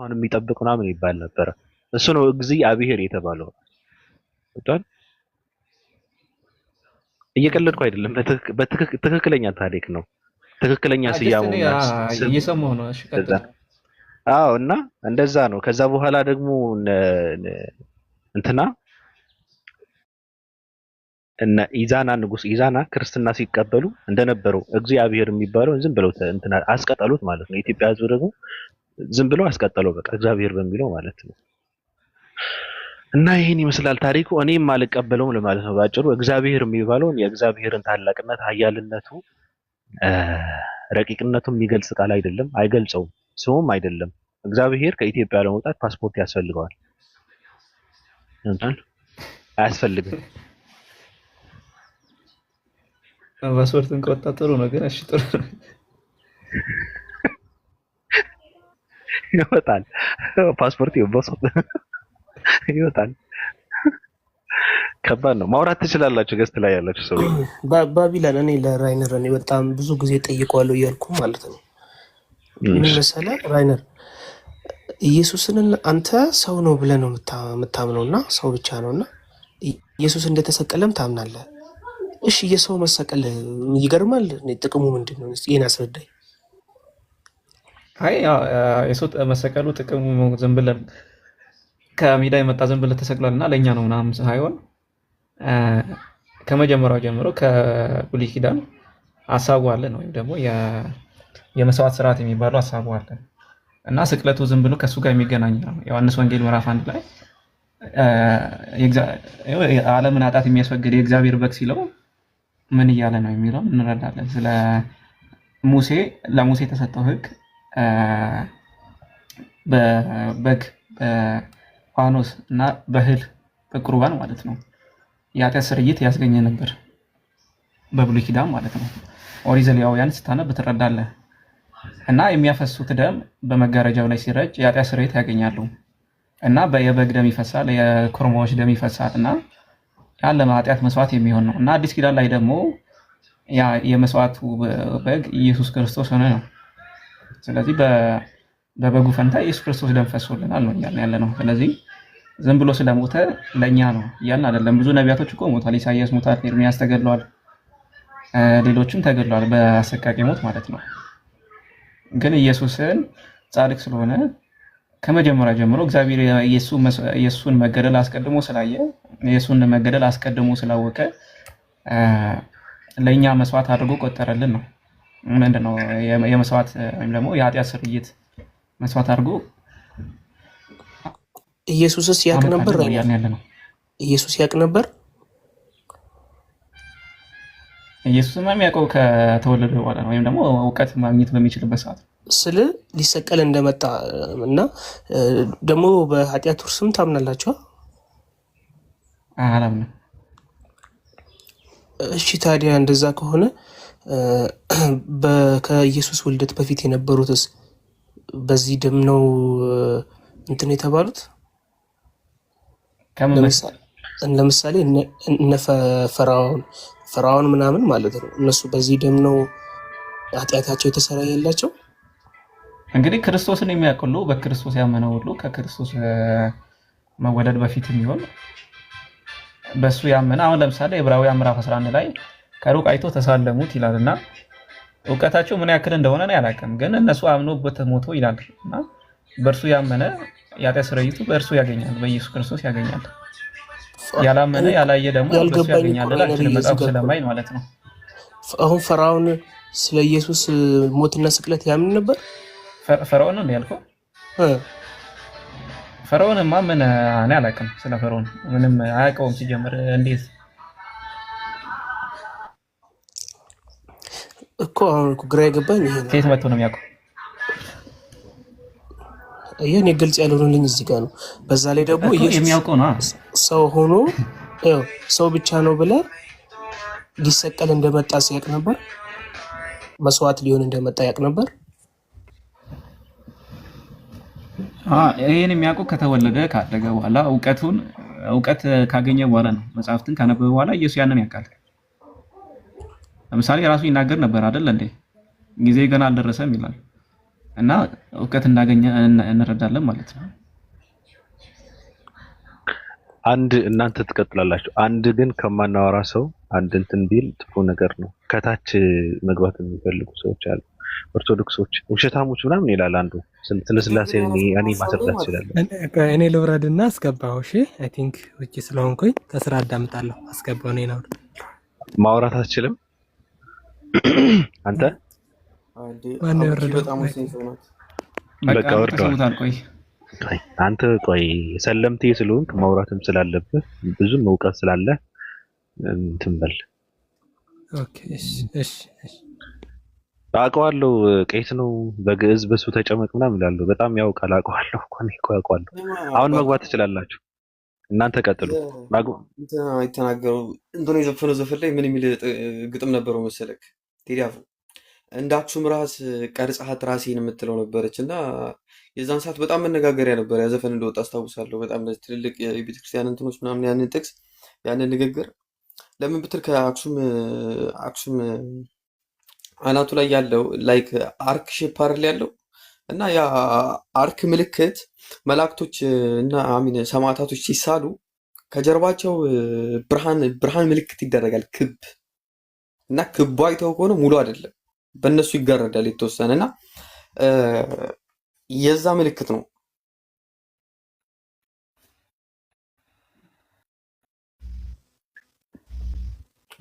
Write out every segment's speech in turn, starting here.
እሷን የሚጠብቅ ምናምን ይባል ነበረ። እሱ ነው እግዚአብሔር የተባለው። ወጣን እየቀለድኩ አይደለም። ትክክለኛ ታሪክ ነው። ትክክለኛ ስያሙ እየሰማሁ ነው። እሺ ቀጥታ አዎ። እና እንደዛ ነው። ከዛ በኋላ ደግሞ እንትና እና ኢዛና ንጉስ ኢዛና ክርስትና ሲቀበሉ እንደነበረው እግዚአብሔር የሚባለው ዝም ብለው እንትና አስቀጠሉት ማለት ነው። የኢትዮጵያ ሕዝብ ደግሞ ዝም ብለው አስቀጠለው። በቃ እግዚአብሔር በሚለው ማለት ነው። እና ይህን ይመስላል ታሪኩ። እኔም አልቀበለውም ለማለት ነው ባጭሩ። እግዚአብሔር የሚባለውን የእግዚአብሔርን ታላቅነት፣ ኃያልነቱ፣ ረቂቅነቱ የሚገልጽ ቃል አይደለም፣ አይገልጸውም፣ ስሙም አይደለም። እግዚአብሔር ከኢትዮጵያ ለመውጣት ፓስፖርት ያስፈልገዋል? አያስፈልግም። ፓስፖርትን ከወጣ ጥሩ ነው፣ ግን እሺ ጥሩ ነው። ይወጣል። ፓስፖርት ይወሰድ ይወጣል። ከባድ ነው። ማውራት ትችላላችሁ። ገስት ላይ ያላችሁ ሰው ባቢላን እኔ ለራይነር እኔ በጣም ብዙ ጊዜ ጠይቀዋለሁ እያልኩ ማለት ነው። ምን መሰለህ ራይነር ኢየሱስን አንተ ሰው ነው ብለህ ነው የምታምነው እና ሰው ብቻ ነው እና ኢየሱስ እንደተሰቀለም ታምናለህ። እሺ የሰው መሰቀል ይገርማል። ጥቅሙ ምንድን ነው? ይህን አስረዳኝ። አይ የሰው መሰቀሉ ጥቅሙ ዝም ብለን ከሜዳ የመጣ ዝም ብለን ተሰቅሏል እና ለእኛ ነው ምናምን ሳይሆን ከመጀመሪያው ጀምሮ ከብሉይ ኪዳን ሀሳቡ አለን ወይም ደግሞ የመስዋዕት ስርዓት የሚባለው ሀሳቡ አለን እና ስቅለቱ ዝም ብሎ ከእሱ ጋር የሚገናኝ ነው። ዮሐንስ ወንጌል ምዕራፍ አንድ ላይ ዓለምን አጣት የሚያስወግድ የእግዚአብሔር በግ ሲለው ምን እያለ ነው የሚለው እንረዳለን። ስለ ሙሴ ለሙሴ የተሰጠው ህግ? በበግ በፋኖስ እና በእህል በቁርባን ማለት ነው የኃጢአት ስርየት ያስገኘ ነበር በብሉይ ኪዳን ማለት ነው። ኦሪት ዘሌዋውያን ስታነብ ትረዳለህ። እና የሚያፈሱት ደም በመጋረጃው ላይ ሲረጭ የኃጢአት ስርየት ያገኛሉ። እና የበግ ደም ይፈሳል፣ የኮርማዎች ደም ይፈሳል። እና ያን ለኃጢአት መስዋዕት የሚሆን ነው። እና አዲስ ኪዳን ላይ ደግሞ ያ የመስዋዕቱ በግ ኢየሱስ ክርስቶስ ሆነ ነው ስለዚህ በበጉ ፈንታ ኢየሱስ ክርስቶስ ደም ፈሶልናል ነው እያልን ያለ ነው። ስለዚህ ዝም ብሎ ስለሞተ ለእኛ ነው እያልን አይደለም። ብዙ ነቢያቶች እኮ ሞቷል። ኢሳያስ ሞቷል፣ ኤርሚያስ ተገድለዋል፣ ሌሎችም ተገድለዋል በአሰቃቂ ሞት ማለት ነው። ግን ኢየሱስን ጻድቅ ስለሆነ ከመጀመሪያ ጀምሮ እግዚአብሔር የእሱን መገደል አስቀድሞ ስላየ የእሱን መገደል አስቀድሞ ስላወቀ ለእኛ መስዋዕት አድርጎ ቆጠረልን ነው ምንድነው የመስዋዕት ወይም ደግሞ የኃጢአት ስርይት መስዋዕት አድርጎ ኢየሱስስ ያቅ ነበር ያለ ነው። ኢየሱስ ያቅ ነበር። ኢየሱስማ የሚያውቀው ከተወለደ በኋላ ነው፣ ወይም ደግሞ እውቀት ማግኘት በሚችልበት ሰዓት ነው። ስለ ሊሰቀል እንደመጣ እና ደግሞ በኃጢአት ውርስም ታምናላችኋል? አላምንም። እሺ ታዲያ እንደዛ ከሆነ ከኢየሱስ ውልደት በፊት የነበሩትስ በዚህ ደም ነው እንትን የተባሉት? ለምሳሌ እነ ፈራውን ፈራውን ምናምን ማለት ነው። እነሱ በዚህ ደም ነው ኃጢአታቸው ያላቸው እንግዲህ ክርስቶስን የሚያውቅ ሁሉ በክርስቶስ ያመነ ሁሉ ከክርስቶስ መወለድ በፊት የሚሆን በእሱ ያመነ አሁን ለምሳሌ ዕብራውያን ምዕራፍ 11 ላይ ከሩቅ አይቶ ተሳለሙት ይላል እና እውቀታቸው ምን ያክል እንደሆነ ነው ያላቅም፣ ግን እነሱ አምኖበት ሞቶ ይላል እና በእርሱ ያመነ ኃጢአት ስረይቱ በእርሱ ያገኛል፣ በኢየሱስ ክርስቶስ ያገኛል። ያላመነ ያላየ ደግሞ በእርሱ ያገኛል። ላችን መጽሐፍ ስለማይል ማለት ነው። አሁን ፈራውን ስለ ኢየሱስ ሞትና ስቅለት ያምን ነበር። ፈራውን ነው ያልከው? ፈርዖንማ ምን እኔ አላውቅም። ስለ ፈራውን ምንም አያውቀውም ሲጀምር እንዴት እኮ አሁን ግራ የገባኝ ይሄ ነው። ከየት መጥቶ ነው የሚያውቀው? ይህን ግልጽ ያልሆነልኝ እዚህ ጋር ነው። በዛ ላይ ደግሞ የሚያውቀው ነው ሰው ሆኖ ሰው ብቻ ነው ብለ ሊሰቀል እንደመጣ ሲያቅ ነበር። መስዋዕት ሊሆን እንደመጣ ያቅ ነበር። ይህን የሚያውቀው ከተወለደ ካደገ በኋላ እውቀቱን እውቀት ካገኘ በኋላ ነው። መጽሐፍትን ካነበበ በኋላ ኢየሱስ ያንን ያውቃል። ለምሳሌ ራሱ ይናገር ነበር አይደል እንዴ ጊዜ ገና አልደረሰም ይላል እና እውቀት እንዳገኘ እንረዳለን ማለት ነው። አንድ እናንተ ትቀጥላላችሁ። አንድ ግን ከማናወራ ሰው አንድ እንትን ቢል ጥሩ ነገር ነው። ከታች መግባት የሚፈልጉ ሰዎች አሉ። ኦርቶዶክሶች ውሸታሞች ምናምን ይላል አንዱ። ስለስላሴ ስላሴ እኔ ማስረዳት ይችላል። እኔ ልውረድና አስገባው። እሺ አይ ቲንክ ውጭ ስለሆንኩኝ ከስራ አዳምጣለሁ። አስገባው። ነው ማውራት አትችልም። አንተ አንተ ቆይ ሰለምቴ ስለሆንክ ማውራትም ስላለብህ ብዙም እውቀት ስላለ እንትን በል። አውቀዋለሁ። ቄስ ነው፣ በግዕዝ በሱ ተጨመቅ ምናምን እላለሁ። በጣም ያውቃል። አውቀዋለሁ እኮ እኔ እኮ አውቀዋለሁ። አሁን መግባት ትችላላችሁ እናንተ ቀጥሉ። ይተናገሩ እንትኑ የዘፈነው ዘፈን ላይ ምን የሚል ግጥም ነበረው መሰለክ ቴዲያፍ አፍሮ እንደ ራስ ቀርጻሀት ራሴን የምትለው ነበረች እና የዛን ሰዓት በጣም መነጋገሪያ ነበር። ያዘፈን ዘፈን እንደወጣ አስታውሳለሁ። በጣም ትልልቅ የቤተክርስቲያን እንትኖች ምናምን ያንን ጥቅስ ያንን ንግግር ለምን ብትል ከአክሱም አክሱም አናቱ ላይ ያለው ላይክ አርክ ሼፕ አይደል ያለው እና ያ አርክ ምልክት መላእክቶች እና አሚን ሰማዕታቶች ሲሳሉ ከጀርባቸው ብርሃን ብርሃን ምልክት ይደረጋል ክብ እና ክቡ አይተው ከሆነ ሙሉ አይደለም፣ በእነሱ ይጋረዳል የተወሰነ እና የዛ ምልክት ነው።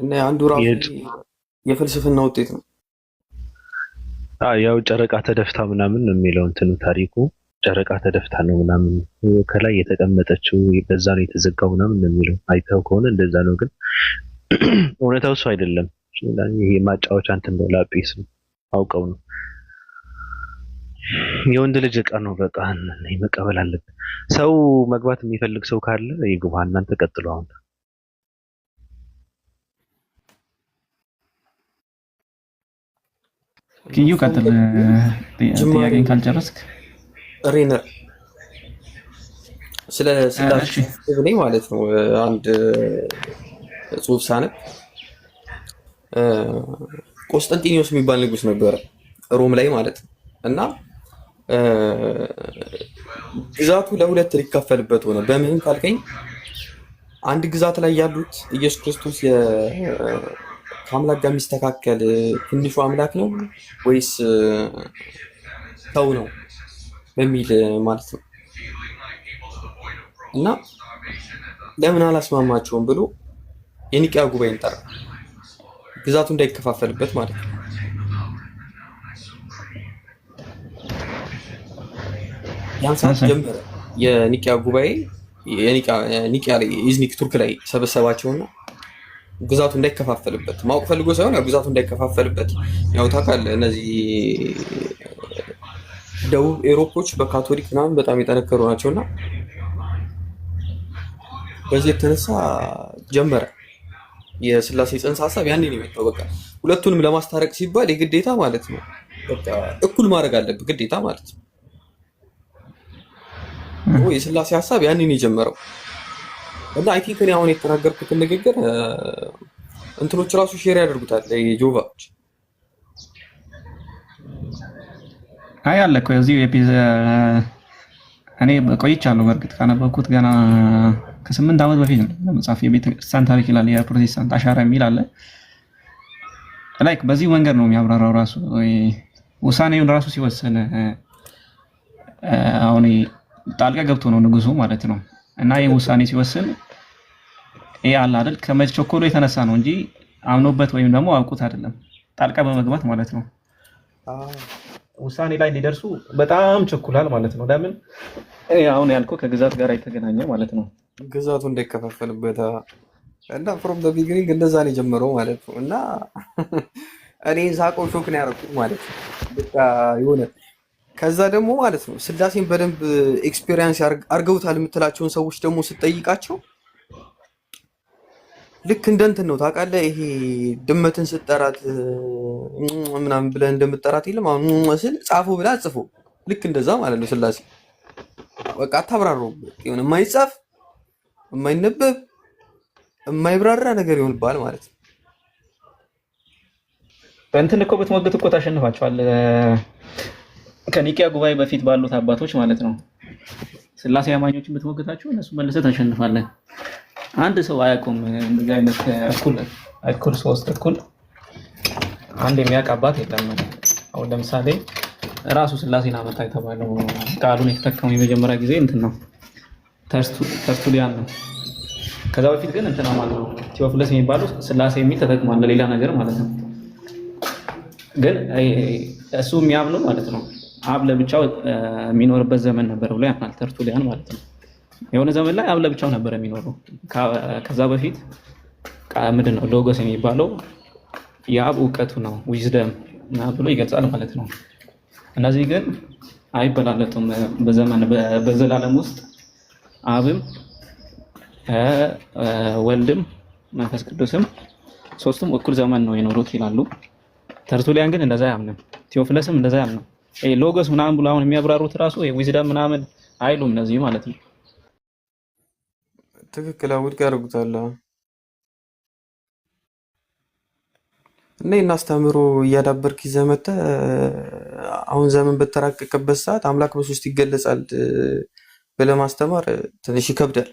እና አንዱ ራሱ የፍልስፍና ውጤት ነው። ያው ጨረቃ ተደፍታ ምናምን ነው የሚለው እንትኑ ታሪኩ። ጨረቃ ተደፍታ ነው ምናምን ከላይ የተቀመጠችው በዛ ነው የተዘጋው ምናምን ነው የሚለው አይተው ከሆነ እንደዛ ነው። ግን እውነታው እሱ አይደለም። ይሄ ማጫወቻ እንትን ነው ላጲስ አውቀው ነው የወንድ ልጅ እቃ ነው። በቃ መቀበል አለብን። ሰው መግባት የሚፈልግ ሰው ካለ ይግባ። እናንተ ቀጥሉ። አሁን እዩ ቀጥል። ጥያቄን ካልጨረስክ ሬነር ስለ ስላሽ ማለት ነው አንድ ጽሁፍ ሳነብ ቆስጠንጢኒዎስ የሚባል ንጉስ ነበረ ሮም ላይ ማለት ነው። እና ግዛቱ ለሁለት ሊካፈልበት ሆነ። በምን ካልከኝ አንድ ግዛት ላይ ያሉት ኢየሱስ ክርስቶስ ከአምላክ ጋር የሚስተካከል ትንሹ አምላክ ነው ወይስ ሰው ነው በሚል ማለት ነው እና ለምን አላስማማቸውም ብሎ የኒቅያ ጉባኤን ጠራ። ግዛቱ እንዳይከፋፈልበት ማለት ነው። ያን ሰዓት ጀመረ የኒቅያ ጉባኤ ኒቅያ ላይ ኢዝኒክ ቱርክ ላይ ሰበሰባቸውና ግዛቱ እንዳይከፋፈልበት ማወቅ ፈልጎ ሳይሆን ግዛቱ እንዳይከፋፈልበት ያው ታውቃለህ፣ እነዚህ ደቡብ ኤሮፖች በካቶሊክ ምናምን በጣም የጠነከሩ ናቸውና በዚህ የተነሳ ጀመረ። የስላሴ ጽንሰ ሀሳብ ያንን ነው የመጣው። በቃ ሁለቱንም ለማስታረቅ ሲባል የግዴታ ማለት ነው እኩል ማድረግ አለብህ ግዴታ ማለት ነው። የስላሴ ሀሳብ ያንን የጀመረው እና አይ ቲንክ እኔ አሁን የተናገርኩትን ንግግር እንትኖች ራሱ ሼር ያደርጉታል የጆቫዎች አይ አለ እኮ እዚሁ እኔ ቆይቻለሁ በእርግጥ ካነበብኩት ገና ከስምንት ዓመት በፊት ነው መጽሐፍ የቤተክርስቲያን ታሪክ ይላል። የፕሮቴስታንት አሻራ የሚል አለ። ላይክ በዚህ መንገድ ነው የሚያብራራው ራሱ ውሳኔውን ራሱ ሲወስን አሁን ጣልቃ ገብቶ ነው ንጉሱ ማለት ነው። እና ይህ ውሳኔ ሲወስን ይህ አለ አይደል ከመቸኮሎ የተነሳ ነው እንጂ አምኖበት ወይም ደግሞ አውቁት አይደለም። ጣልቃ በመግባት ማለት ነው። ውሳኔ ላይ እንዲደርሱ በጣም ቸኩላል ማለት ነው። ለምን አሁን ያልከው ከግዛት ጋር የተገናኘ ማለት ነው። ግዛቱ እንዳይከፋፈልበት እና ፍሮም ዘ ቢግኒንግ እንደዛ ነው የጀመረው ማለት ነው። እና እኔ ዛቆ ሾክ ነው ያደረኩት ማለት ነው። በቃ የሆነ ከዛ ደግሞ ማለት ነው ስላሴን በደንብ ኤክስፔሪንስ አርገውታል የምትላቸውን ሰዎች ደግሞ ስጠይቃቸው ልክ እንደንትን ነው ታውቃለህ። ይሄ ድመትን ስጠራት ምናምን ብለህ እንደምጠራት የለም አሁን ስል ጻፉ ብላ ጽፎ ልክ እንደዛ ማለት ነው። ስላሴ በቃ አታብራረው የሆነ የማይጻፍ የማይነበብ የማይብራራ ነገር ይሆንባል ማለት ነው። በእንትን እኮ ብትሞግት እኮ ታሸንፋቸዋል። ከኒቅያ ጉባኤ በፊት ባሉት አባቶች ማለት ነው። ስላሴ አማኞችን ብትሞግታቸው እነሱ መልሰህ ታሸንፋለህ። አንድ ሰው አያውቁም እንደዚህ አይነት እኩል እኩል ሶስት እኩል አንድ የሚያውቅ አባት የለም። አሁን ለምሳሌ ራሱ ስላሴን አመጣ የተባለው ቃሉን የተጠቀመው የመጀመሪያ ጊዜ እንትን ነው ተርቱሊያን ነው። ከዛ በፊት ግን እንትና ማለት ነው ቴዎፍለስ የሚባሉ ስላሴ የሚል ተጠቅሟል ለሌላ ነገር ማለት ነው። ግን እሱ የሚያምነው ማለት ነው አብ ለብቻው የሚኖርበት ዘመን ነበር ብሎ ያምናል ተርቱሊያን ማለት ነው። የሆነ ዘመን ላይ አብ ለብቻው ነበር የሚኖረው። ከዛ በፊት ምንድን ነው ሎጎስ የሚባለው የአብ እውቀቱ ነው ዊዝደም ብሎ ይገልጻል ማለት ነው። እነዚህ ግን አይበላለጡም በዘመን በዘላለም ውስጥ አብም ወልድም መንፈስ ቅዱስም ሶስቱም እኩል ዘመን ነው የኖሩት ይላሉ። ተርቱሊያን ግን እንደዛ ያምንም፣ ቴዎፍለስም እንደዛ ያምንም። ሎጎስ ምናምን ብሎ አሁን የሚያብራሩት ራሱ ዊዝደም ምናምን አይሉም እነዚህ ማለት ነው። ትክክል ውድቅ ያደርጉታል። እና እናስተምሮ እያዳበርክ ይዘህ መተህ አሁን ዘመን በተራቀቀበት ሰዓት አምላክ በሶስት ይገለጻል ብለህ ማስተማር ትንሽ ይከብዳል።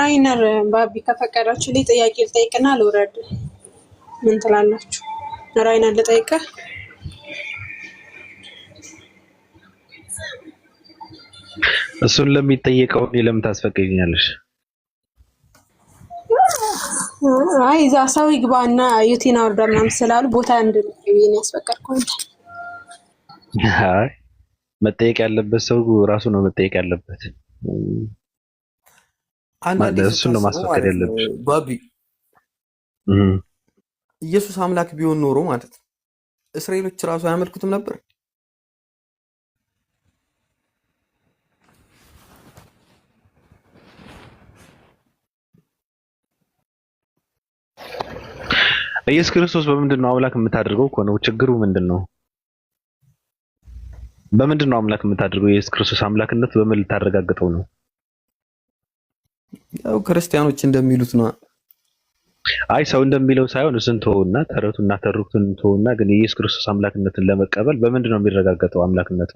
ራይነር ባቢ ከፈቀዳችሁ ላይ ጥያቄ ልጠይቅና ልውረድ። ምን ትላላችሁ? ራይነር ልጠይቅህ። እሱን ለሚጠየቀው እኔ ለምን ታስፈቅድኛለሽ? አይ እዛ ሰው ይግባና ዩቲና ወርዳ ምናምን ስላሉ ቦታ እንድንገኝ ያስፈቀድኩ አንተ አይ መጠየቅ ያለበት ሰው ራሱ ነው መጠየቅ ያለበት። እሱን ነው ማስፈከድ ያለብሽ ባቢ። ኢየሱስ አምላክ ቢሆን ኖሮ ማለት ነው እስራኤሎች ራሱ አያመልኩትም ነበር። ኢየሱስ ክርስቶስ በምንድን ነው አምላክ የምታደርገው? ነው ችግሩ ምንድን ነው? በምንድን ነው አምላክ የምታደርገው? የኢየሱስ ክርስቶስ አምላክነት በምን ልታረጋግጠው ነው? ያው ክርስቲያኖች እንደሚሉት ነው። አይ ሰው እንደሚለው ሳይሆን እሱን ተወውና ተረቱና ተርኩትን ተውና፣ ግን የኢየሱስ ክርስቶስ አምላክነትን ለመቀበል በምንድን ነው የሚረጋገጠው? አምላክነቱ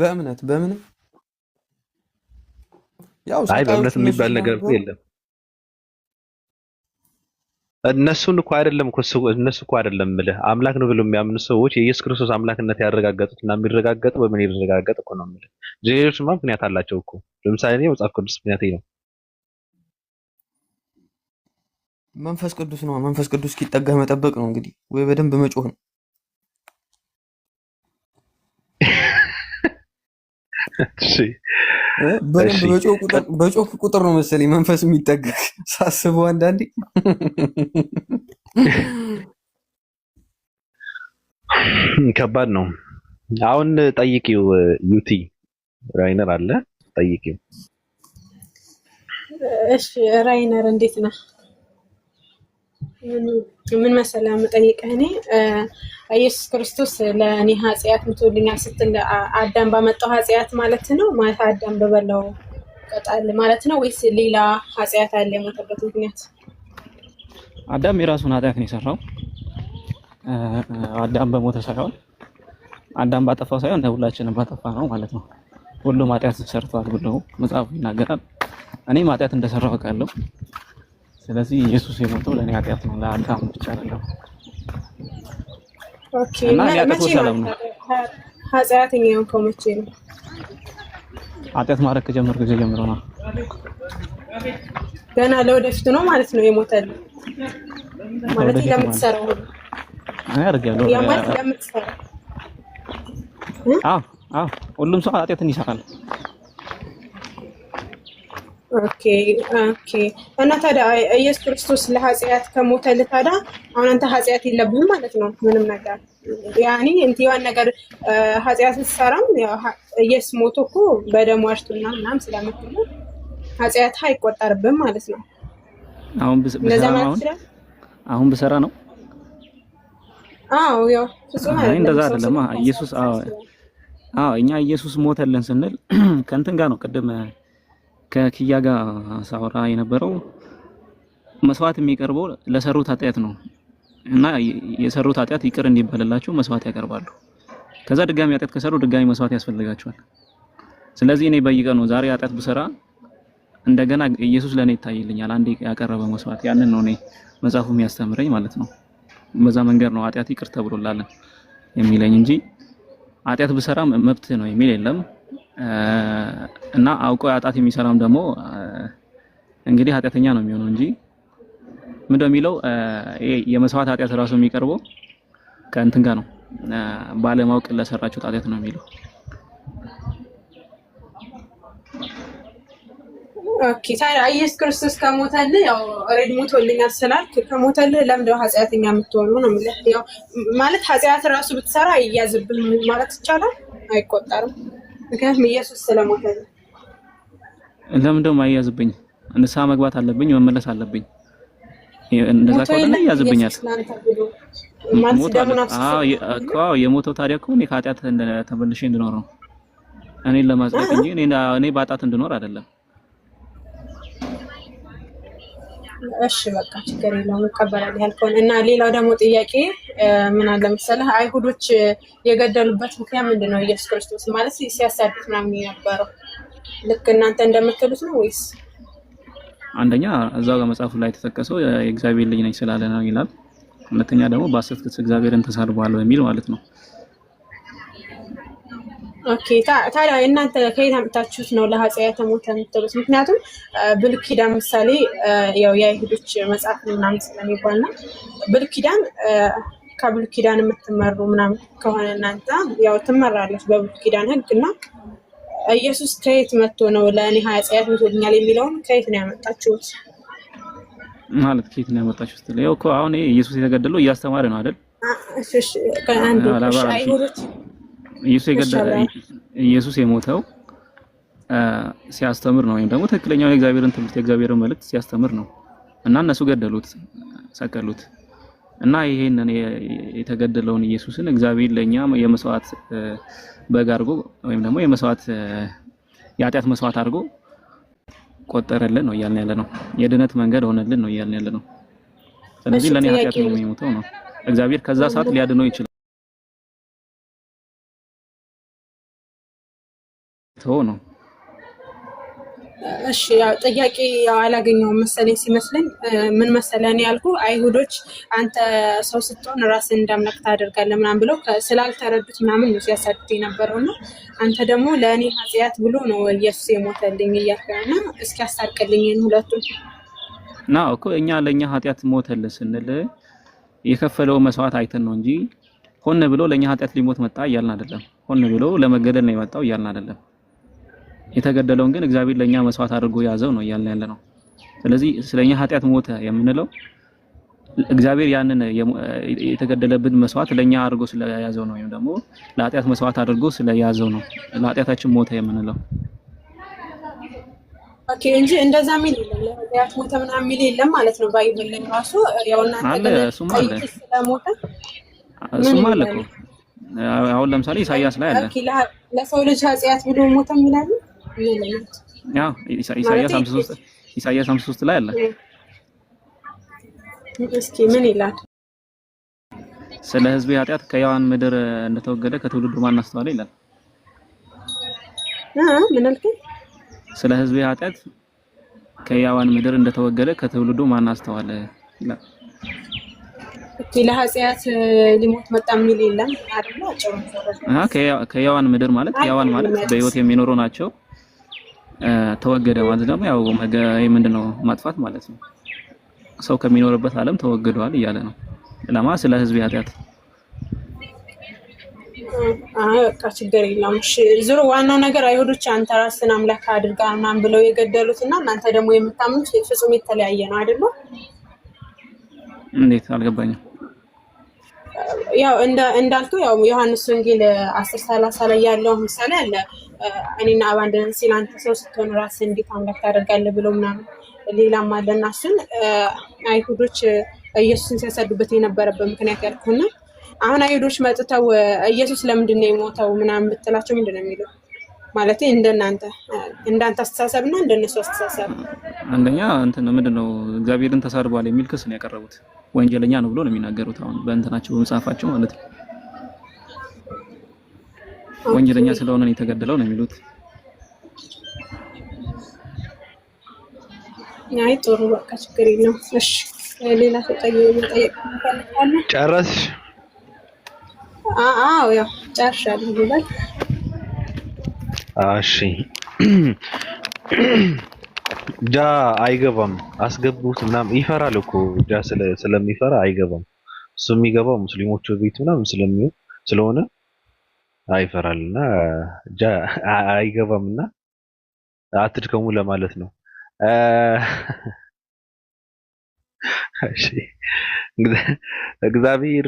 በእምነት በእምነት ያው አይ በእምነት የሚባል ነገር የለም። እነሱን እኮ አይደለም እነሱ እኮ አይደለም ምልህ አምላክ ነው ብሎ የሚያምኑ ሰዎች የኢየሱስ ክርስቶስ አምላክነት ያረጋገጡት እና የሚረጋገጡ በምን ይረጋገጥ እኮ ነው ምልህ። ሌሎችማ ምክንያት አላቸው እኮ ለምሳሌ እኔ መጽሐፍ ቅዱስ ምክንያት ነው መንፈስ ቅዱስ ነው። መንፈስ ቅዱስ እስኪጠጋ መጠበቅ ነው እንግዲህ ወይ በደንብ መጮህ ነው። እሺ በደንብ በጮክ ቁጥር ነው መሰለኝ መንፈስ የሚጠገግ ሳስበው አንዳንዴ ከባድ ነው። አሁን ጠይቂው ዩቲ ራይነር አለ ጠይቂው። እሺ ራይነር እንዴት ነህ? ምን መሰለ የምጠይቅህ እኔ ኢየሱስ ክርስቶስ ለእኔ ኃጢአት ምቶልኛል ስትል አዳም ባመጣው ኃጢአት ማለት ነው? ማለት አዳም በበላው ቀጣል ማለት ነው ወይስ ሌላ ኃጢአት አለ የሞተበት ምክንያት? አዳም የራሱን ኃጢአት ነው የሰራው። አዳም በሞተ ሳይሆን አዳም ባጠፋው ሳይሆን ሁላችንም ባጠፋ ነው ማለት ነው። ሁሉም ኃጢአት ሰርተዋል ብለው መጽሐፉ ይናገራል። እኔም ኃጢአት እንደሰራው አውቃለሁ። ስለዚህ ኢየሱስ የሞተው ለእኔ ኃጢአት ነው፣ ለአዳም ብቻ አይደለም። ኦኬ እና ነው። ነው? ኃጢአት ማድረግ ጊዜ ጀምሮ ነው። ገና ለወደፊቱ ነው ማለት ነው የሞተልህ ማለት ለምትሰራው ሁሉ አያርጋለሁ። ለምትሰራው አዎ፣ አዎ ሁሉም ሰው ኃጢአትን ይሰራል። ኦኬ ኦኬ። እና ታዲያ ኢየሱስ ክርስቶስ ለኃጢአት ከሞተ ልታዳ አሁን አንተ ኃጢአት የለብህም ማለት ነው። ምንም ነገር ያኒ እንትዋን ነገር ኃጢአት ስትሰራም ኢየሱስ ሞቶ እኮ በደሙ አሽቶና ምናም ስለምትሉ ኃጢአት አይቆጠርብህም ማለት ነው። አሁን ብሰራ ነው አሁን ብሰራ ነው። አዎ ያው ፍጹም እንደዛ አይደለም ኢየሱስ። አዎ አዎ፣ እኛ ኢየሱስ ሞተልን ስንል ከእንትን ጋር ነው ቅድም ከኪያ ጋር ሳወራ የነበረው መስዋዕት የሚቀርበው ለሰሩት ኃጢአት ነው እና የሰሩት ኃጢአት ይቅር እንዲባልላቸው መስዋዕት ያቀርባሉ። ከዛ ድጋሚ ኃጢአት ከሰሩ ድጋሚ መስዋዕት ያስፈልጋቸዋል። ስለዚህ እኔ በይቀኑ ዛሬ ኃጢአት ብሰራ እንደገና ኢየሱስ ለእኔ ይታይልኛል። አንዴ ያቀረበ መስዋዕት ያንን ነው እኔ መጽሐፉ የሚያስተምረኝ ማለት ነው። በዛ መንገድ ነው ኃጢአት ይቅር ተብሎላለን የሚለኝ እንጂ ኃጢአት ብሰራ መብት ነው የሚል የለም። እና አውቆ ያጣት የሚሰራም ደግሞ እንግዲህ ኃጢአተኛ ነው የሚሆነው እንጂ ምን ምንድነው ይሄ የመስዋዕት ኃጢአት ራሱ የሚቀርበው ከእንትን ጋር ነው ባለማወቅ ለሰራችሁ ኃጢአት ነው የሚለው። ኦኬ ታዲያ ኢየሱስ ክርስቶስ ከሞተልህ ያው ኦልሬዲ ሞቶልኛል ስላልክ ከሞተልህ ለምንድነው ኃጢአተኛ የምትሆነው ነው የሚለው። ያው ማለት ኃጢአት ራሱ ብትሰራ ይያዝብህ ማለት ይቻላል፣ አይቆጠርም ምክንያቱም ኢየሱስ ስለሞተ ነው። ለምን ደግሞ አያዝብኝ? ንስሐ መግባት አለብኝ፣ መመለስ አለብኝ። እንደዛ ከሆነ ያዝብኛል። አዎ የሞተው ታዲያ እኮ እኔ ከኃጢአት ተመልሼ እንድኖር ነው። እኔን ለማጽደቅ እንጂ እኔ ባጣት እንድኖር አይደለም። እሺ በቃ ችግር የለውም ይቀበላል ያልከውን እና ሌላው ደግሞ ጥያቄ ምን አለ መሰለህ አይሁዶች የገደሉበት ምክንያት ምንድን ነው ኢየሱስ ክርስቶስ ማለት ሲያሳዱት ምናምን የነበረው ልክ እናንተ እንደምትሉት ነው ወይስ አንደኛ እዛው ጋር መጽሐፉ ላይ የተጠቀሰው የእግዚአብሔር ልጅ ነኝ ስላለ ነው ይላል ሁለተኛ ደግሞ በአሰት ክስ እግዚአብሔርን ተሳድቧል በሚል ማለት ነው ኦኬ ታዲያ እናንተ ከየት አምጥታችሁት ነው ለኃጢአተ ሞት የምትሉት? ምክንያቱም ብሉይ ኪዳን ምሳሌ ያው የአይሁዶች መጽሐፍ ምናምን ስለሚባል ነው። ብሉይ ኪዳን ከብሉይ ኪዳን የምትመሩ ምናምን ከሆነ እናንተ ያው ትመራለች በብሉይ ኪዳን ሕግ እና ኢየሱስ ከየት መጥቶ ነው ለእኔ ኃጢአት ሞቶልኛል የሚለውን ከየት ነው ያመጣችሁት? ማለት ከየት ነው ያመጣችሁት? ያው አሁን ኢየሱስ የተገደለው እያስተማረ ነው አይደል? አይሁዶች ኢየሱስ ኢየሱስ የሞተው ሲያስተምር ነው፣ ወይም ደግሞ ትክክለኛውን የእግዚአብሔርን ትምህርት የእግዚአብሔርን መልእክት ሲያስተምር ነው እና እነሱ ገደሉት፣ ሰቀሉት እና ይሄንን የተገደለውን ኢየሱስን እግዚአብሔር ለኛ የመስዋዕት በግ አድርጎ ወይም ደግሞ የመስዋዕት የኃጢአት መስዋዕት አድርጎ ቆጠረልን ነው እያልን ያለ ነው። የድነት መንገድ ሆነልን ነው እያልን ያለ ነው። ስለዚህ ለኔ ኃጢአት ነው የሚሞተው ነው። እግዚአብሔር ከዛ ሰዓት ሊያድነው ይችላል። ብትሆ ነው። እሺ ያው ጥያቄ ያው አላገኘውም መሰለኝ ሲመስለኝ ምን መሰለህ ያልኩ አይሁዶች አንተ ሰው ስትሆን ራስን እንዳምለክ ታደርጋለህ ምናምን ብለው ስላልተረዱት ምናምን ነው ሲያሳድድ የነበረው እና አንተ ደግሞ ለእኔ ኃጢአት ብሎ ነው ኢየሱስ የሞተልኝ እያልከና እስኪ አስታርቅልኝ ሁለቱን ና እኮ እኛ ለእኛ ኃጢአት ሞተልህ ስንል የከፈለው መስዋዕት አይተን ነው እንጂ ሆን ብሎ ለእኛ ኃጢአት ሊሞት መጣ እያልን አይደለም። ሆን ብሎ ለመገደል ነው የመጣው እያልን አይደለም። የተገደለውን ግን እግዚአብሔር ለኛ መስዋዕት አድርጎ ያዘው ነው እያልን ያለ ነው። ስለዚህ ስለኛ ኃጢአት ሞተ የምንለው እግዚአብሔር ያንን የተገደለብን መስዋዕት ለኛ አድርጎ ስለያዘው ነው፣ ወይም ደግሞ ለኃጢአት መስዋዕት አድርጎ ስለያዘው ነው ለኃጢአታችን ሞተ የምንለው ኦኬ እንጂ እንደዛ የሚል የለም። ለኃጢአት ሞተ ምናምን የሚል የለም ማለት ነው። ባይብል ራሱ ያውና አለ እሱማ አለ እኮ አሁን ለምሳሌ ኢሳያስ ላይ አለ ለሰው ልጅ ኃጢአት ብሎ ሞተ የሚላል ኢሳያስ ሃምሳ ሦስት ላይ አለ። እስኪ ምን ይላል? ስለ ህዝብ ኃጢአት ከያዋን ምድር እንደተወገደ ከትውልዱ ማን አስተዋለ ይላል። ምን አልከኝ? ስለ ህዝብ ኃጢአት ከያዋን ምድር እንደተወገደ ከትውልዱ ማን አስተዋለ ይላል። ለኃጢአት ሊሞት መጣ የሚል የለም አይደል? ከያዋን ምድር ማለት ያዋን ማለት በህይወት የሚኖሩ ናቸው። ተወገደ ማለት ደግሞ ያው ምንድነው ማጥፋት ማለት ነው። ሰው ከሚኖርበት ዓለም ተወግደዋል እያለ ነው። ለማ ስለ ህዝብ ኃጢአት በቃ ችግር የለውም። ዋናው ነገር አይሁዶች አንተ ራስን አምላክ አድርገህ ምናምን ብለው የገደሉት እና እናንተ ደግሞ የምታምኑት ፍጹም የተለያየ ነው አይደለ? እንዴት አልገባኝም። ያው እንዳልኩ ያው ዮሐንስ ወንጌል አስር ሰላሳ ላይ ያለው ምሳሌ አለ እኔና አባንደን ሲል አንተ ሰው ስትሆን ራስ እንዴት አምላክ ታደርጋለህ ብለው ምናምን ሌላም አለ እና እሱን አይሁዶች ኢየሱስን ሲያሳዱበት የነበረበት ምክንያት ያልኩና አሁን አይሁዶች መጥተው ኢየሱስ ለምንድን ነው የሞተው ምናምን ብትላቸው ምንድን ነው የሚለው? ማለት እንደናንተ እንዳንተ አስተሳሰብ እና እንደነሱ አስተሳሰብ አንደኛ እንትን ምንድን ነው እግዚአብሔርን ተሳድቧል የሚል ክስ ነው ያቀረቡት። ወንጀለኛ ነው ብሎ ነው የሚናገሩት። አሁን በእንትናቸው በመጽሐፋቸው ማለት ነው ወንጀለኛ ስለሆነ ነው የተገደለው ነው የሚሉት። አይ ጥሩ በቃ ችግር የለም። እሺ ሌላ አዎ ያው ጨርሻለሁ ይላል። እሺ ጃ አይገባም፣ አስገቡት ምናምን ይፈራል እኮ ጃ ስለሚፈራ አይገባም። እሱ የሚገባው ሙስሊሞቹ ቤት ምናምን ስለሚሆን ስለሆነ አይፈራል እና አይገባም እና አትድከሙ ለማለት ነው። እግዚአብሔር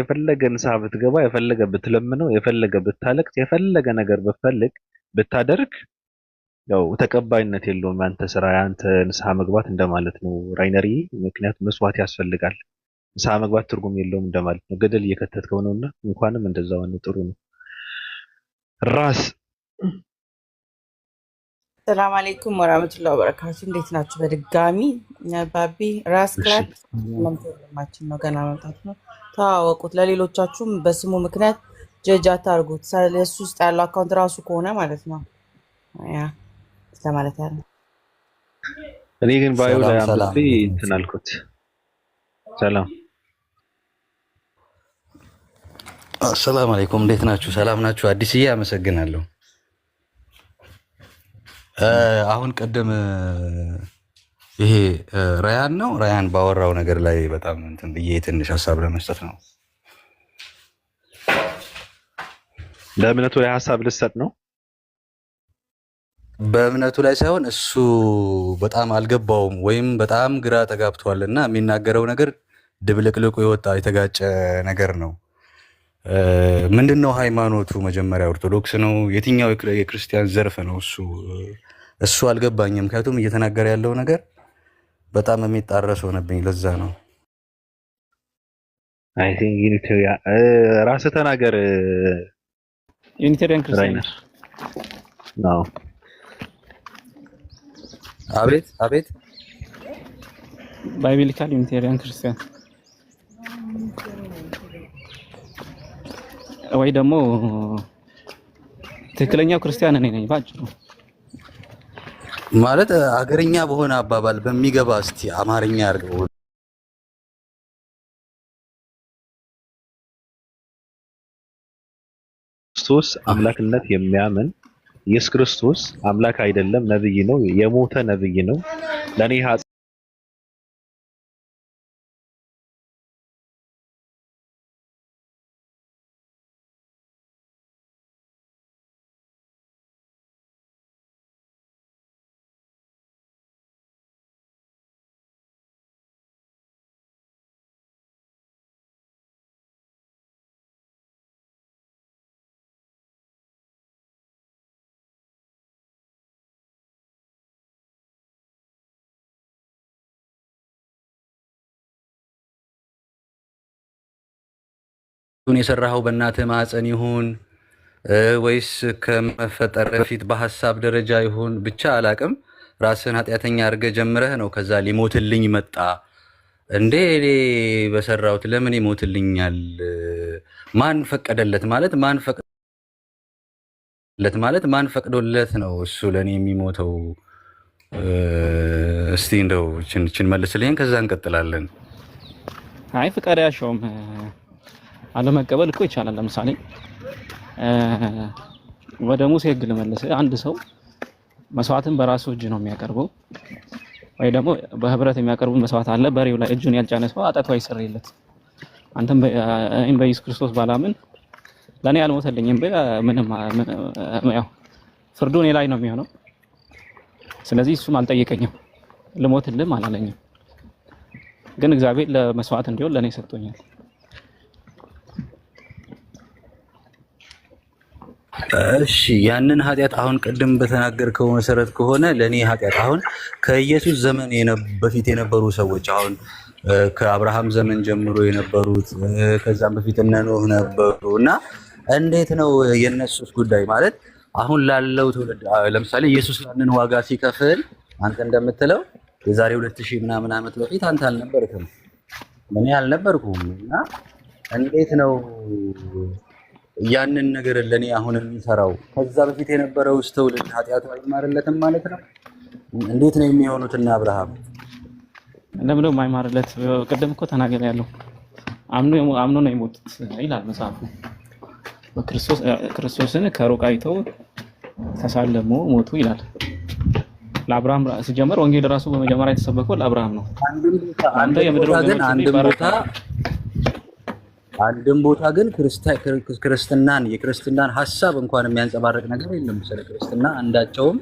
የፈለገ ንስሐ ብትገባ፣ የፈለገ ብትለምነው፣ የፈለገ ብታለቅስ፣ የፈለገ ነገር ብትፈልግ ብታደርግ ያው ተቀባይነት የለውም ያንተ ስራ፣ ያንተ ንስሐ መግባት እንደማለት ነው ራይነሪ። ምክንያቱም መስዋዕት ያስፈልጋል። ንስሐ መግባት ትርጉም የለውም እንደማለት ነው። ገደል እየከተትከው ነውና እንኳንም እንደዛ ጥሩ ነው። ራስ ሰላም አሌይኩም ወራህመቱላ ወበረካቱ። እንዴት ናችሁ? በድጋሚ ባቢ ራስ ክላት ማችን ነው ገና መምጣት ነው። ተዋወቁት። ለሌሎቻችሁም በስሙ ምክንያት ጀጅ አታርጉት። እሱ ውስጥ ያለው አካውንት ራሱ ከሆነ ማለት ነው ለማለት ያለ እኔ ግን ባዩ ላይ አንብቤ እንትን አልኩት። ሰላም አሰላም አለይኩም እንዴት ናችሁ? ሰላም ናችሁ? አዲስዬ አመሰግናለሁ። አሁን ቀደም ይሄ ራያን ነው ራያን ባወራው ነገር ላይ በጣም እንትን ብዬ ትንሽ ሀሳብ ለመስጠት ነው። በእምነቱ ላይ ሀሳብ ልሰጥ ነው። በእምነቱ ላይ ሳይሆን እሱ በጣም አልገባውም ወይም በጣም ግራ ተጋብቷል እና የሚናገረው ነገር ድብልቅልቁ የወጣ የተጋጨ ነገር ነው። ምንድን ነው ሃይማኖቱ? መጀመሪያ ኦርቶዶክስ ነው? የትኛው የክርስቲያን ዘርፍ ነው? እሱ እሱ አልገባኝም። ምክንያቱም እየተናገረ ያለው ነገር በጣም የሚጣረስ ሆነብኝ። ለዛ ነው ራስ ተናገር። ዩኒቴሪያን ክርስቲያን አቤት አቤት፣ ባይብሊካል ዩኒቴሪያን ክርስቲያን ወይ ደግሞ ትክክለኛው ክርስቲያን እኔ ነኝ ባጭሩ ማለት አገርኛ በሆነ አባባል በሚገባ እስቲ አማርኛ አድርገው ክርስቶስ አምላክነት የሚያምን ኢየሱስ ክርስቶስ አምላክ አይደለም፣ ነብይ ነው። የሞተ ነብይ ነው። ለኔ ሁን የሰራኸው በእናትህ ማዕፀን ይሁን ወይስ ከመፈጠር በፊት በሀሳብ ደረጃ ይሁን ብቻ አላቅም። ራስን ኃጢአተኛ አድርገህ ጀምረህ ነው። ከዛ ሊሞትልኝ መጣ እንዴ እኔ በሰራሁት ለምን ይሞትልኛል? ማን ፈቀደለት ማለት ማን ፈቀደለት ማለት ማን ፈቅዶለት ነው እሱ ለእኔ የሚሞተው? እስቲ እንደው ችን መልስልኝ፣ ከዛ እንቀጥላለን። አይ ፍቃድ ያሻውም አለመቀበል እኮ ይቻላል። ለምሳሌ ወደ ሙሴ ህግ ልመልስ። አንድ ሰው መስዋዕትን በራሱ እጅ ነው የሚያቀርበው ወይ ደግሞ በህብረት የሚያቀርቡት መስዋዕት አለ። በሬው ላይ እጁን ያልጫነ ሰው ኃጢአቱ አይሰረይለት። አንተም እኔም በኢየሱስ ክርስቶስ ባላምን ለእኔ አልሞተልኝም ብል ምንም ያው ፍርዱ እኔ ላይ ነው የሚሆነው። ስለዚህ እሱም አልጠየቀኝም፣ ልሞትልም አላለኝም። ግን እግዚአብሔር ለመስዋዕት እንዲሆን ለእኔ ሰጥቶኛል። እሺ ያንን ኃጢአት አሁን ቅድም በተናገርከው መሰረት ከሆነ ለእኔ ኃጢአት አሁን ከኢየሱስ ዘመን በፊት የነበሩ ሰዎች አሁን ከአብርሃም ዘመን ጀምሮ የነበሩት ከዛም በፊት እነ ኖህ ነበሩ እና እንዴት ነው የነሱስ ጉዳይ ማለት አሁን ላለው ትውልድ ለምሳሌ ኢየሱስ ያንን ዋጋ ሲከፍል አንተ እንደምትለው የዛሬ ሁለት ሺህ ምናምን ዓመት በፊት አንተ አልነበርክም፣ እኔ አልነበርኩም እና እንዴት ነው ያንን ነገር ለእኔ አሁን የሚሰራው ከዛ በፊት የነበረው ስተውልድ ኃጢአቱ አይማርለትም ማለት ነው። እንዴት ነው የሚሆኑት? እና አብርሃም እንደምደው አይማርለት። ቅድም እኮ ተናገር ያለው አምኖ ነው የሞቱት ይላል መጽሐፉ። ክርስቶስን ከሩቅ አይተው ተሳለሙ፣ ሞቱ ይላል። ለአብርሃም ሲጀመር ወንጌል ራሱ በመጀመሪያ የተሰበከው ለአብርሃም ነው። ግን አንድ ቦታ አንድም ቦታ ግን ክርስትናን የክርስትናን ሀሳብ እንኳን የሚያንጸባርቅ ነገር የለም። ስለ ክርስትና አንዳቸውም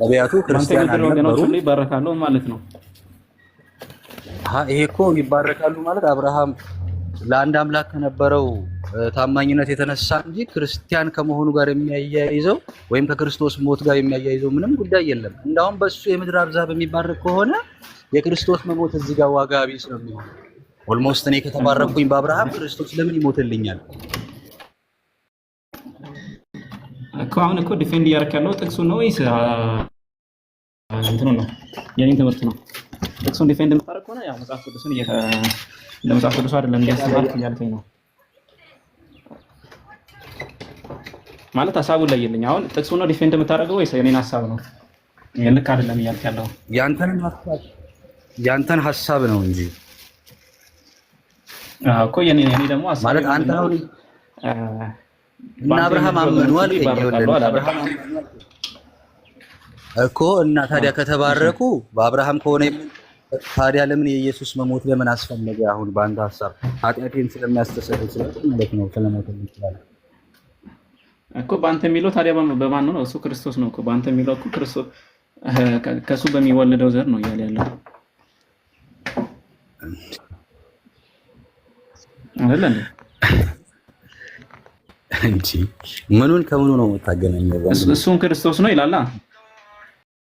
ነቢያቱ ክርስቲያን አልነበሩም ይባረካሉ ማለት ነው። ይሄ እኮ ይባረካሉ ማለት አብርሃም ለአንድ አምላክ ከነበረው ታማኝነት የተነሳ እንጂ ክርስቲያን ከመሆኑ ጋር የሚያያይዘው ወይም ከክርስቶስ ሞት ጋር የሚያያይዘው ምንም ጉዳይ የለም። እንዳውም በእሱ የምድር አብዛ በሚባረክ ከሆነ የክርስቶስ መሞት እዚህ ጋር ዋጋ ቢስ ነው የሚሆነው። ኦልሞስት እኔ ከተባረኩኝ በአብርሃም ክርስቶስ ለምን ይሞትልኛል? እኮ አሁን እኮ ዲፌንድ እያደረክ ያለው ጥቅሱ ነው ወይስ እንትኑ ነው? የኔን ትምህርት ነው። ጥቅሱን ዲፌንድ የምታደርግ ከሆነ ያው መጽሐፍ ቅዱስን እንደ መጽሐፍ ቅዱስ አይደለም እንዲያስተባልክ እያልከኝ ነው ማለት ሀሳቡን ለይልኝ። አሁን ጥቅሱ ነው ዲፌንድ የምታደርገው ወይስ የኔን ሀሳብ ነው? ልክ አይደለም እያልክ ያለው ያንተን ሀሳብ ነው እንጂ እኮ የኔ እኔ ደግሞ ማለት አንተ አሁን እና አብርሃም አመኑ እኮ እና ታዲያ ከተባረኩ በአብርሃም ከሆነ ታዲያ ለምን የኢየሱስ መሞት ለምን አስፈለገ? አሁን በአንተ ሀሳብ ኃጢአቴን ስለሚያስተሰርይ ስለማለት ነው ስለሞት ይችላል እኮ በአንተ የሚለው ታዲያ በማን ነው? እሱ ክርስቶስ ነው እኮ በአንተ የሚለው እኮ ክርስቶስ ከእሱ በሚወለደው ዘር ነው እያለ ያለው ምኑን ከምኑ ነው የምታገናኘው? እሱም ክርስቶስ ነው ይላላ